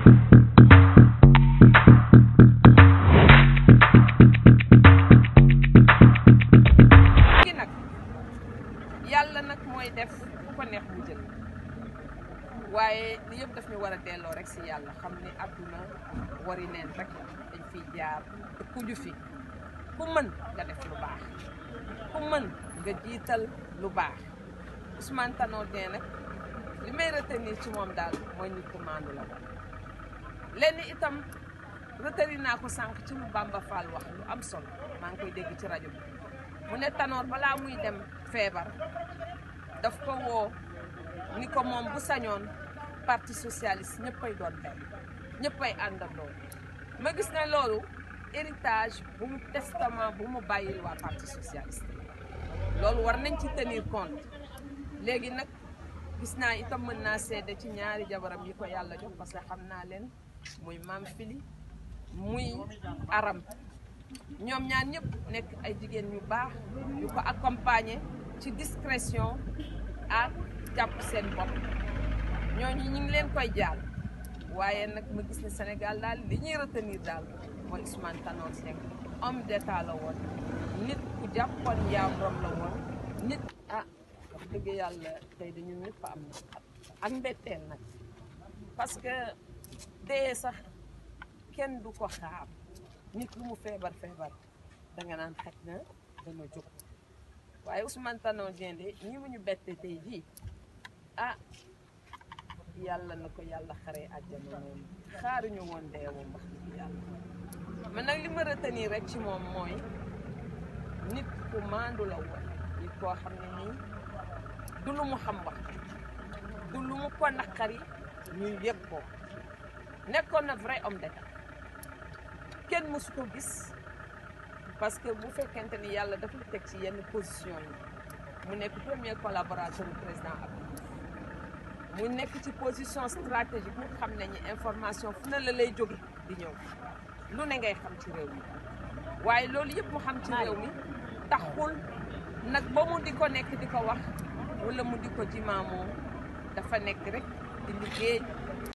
léegi nag def ku ko neex mu jël waaye li yëpp daf ñu war delloo rek si yàlla xam ni àdduna wari neen rek dañ fi ku mën nga def lu baax ku mën nga jiital lu baax Ousmane Tanor nag li may retenir ci moom daal mooy nit ku maandu la ko lenn itam retari naa ko sànq ci lu Bamba Fall wax lu am sol maa ngi koy dégg ci rajo bi mu ne Tanor balaa muy dem feebar daf ko woo ni ko moom bu sañoon parti socialiste ñëppay doon benn ñëppay àndandoo ma gis ne loolu héritage bu mu testament bu mu bàyyil waa parti socialiste loolu war nañ ci tenir compte léegi nag gis naa itam mën naa seede ci ñaari jabaram yi ko yàlla jox parce que xam naa leen muy maam fili muy aram ñoom ñaar ñëpp nekk ay jigéen ñu baax ñu ko accompagner ci discrétion ak jàpp seen bopp ñooñu ñu leen koy jaal waaye nag ma gis ne Sénégal daal li ñuy retenir daal mooy Ousmane Tanor Seck homme d'état la woon nit ku la woon nit ah wax dëgg yàlla tey dañu ñëpp am na ak mbetteel nag parce dee sax kenn du ko xaar nit lu mu feebar feebar danga naan xaj na dama jóg waaye Ousmane Tanor Dieng de ñi mu ñu bette tey jii ah yàlla na ko yàlla xaree àjjana noonu xaaruñu woon deewum wax yàlla man nag li ma retenir rek ci moom mooy nit ku maandu la woon nit koo xam ne nii du lu mu xam wax du lu mu ko naqari ñuy yëg ko nekkoon na vrai homme d'état kenn mësu ko gis parce que bu fekkente ni yàlla dafa teg ci yenn position yi mu nekk premier collaborateur du président Abdou mu nekk ci position stratégique mu xam nañu information fu ne la lay jóge di ñëw lu ne ngay xam ci réew mi waaye loolu yëpp mu xam ci réew mi taxul nag ba mu di ko nekk di ko wax wala mu di ko jimaamoo dafa nekk rek di liggéey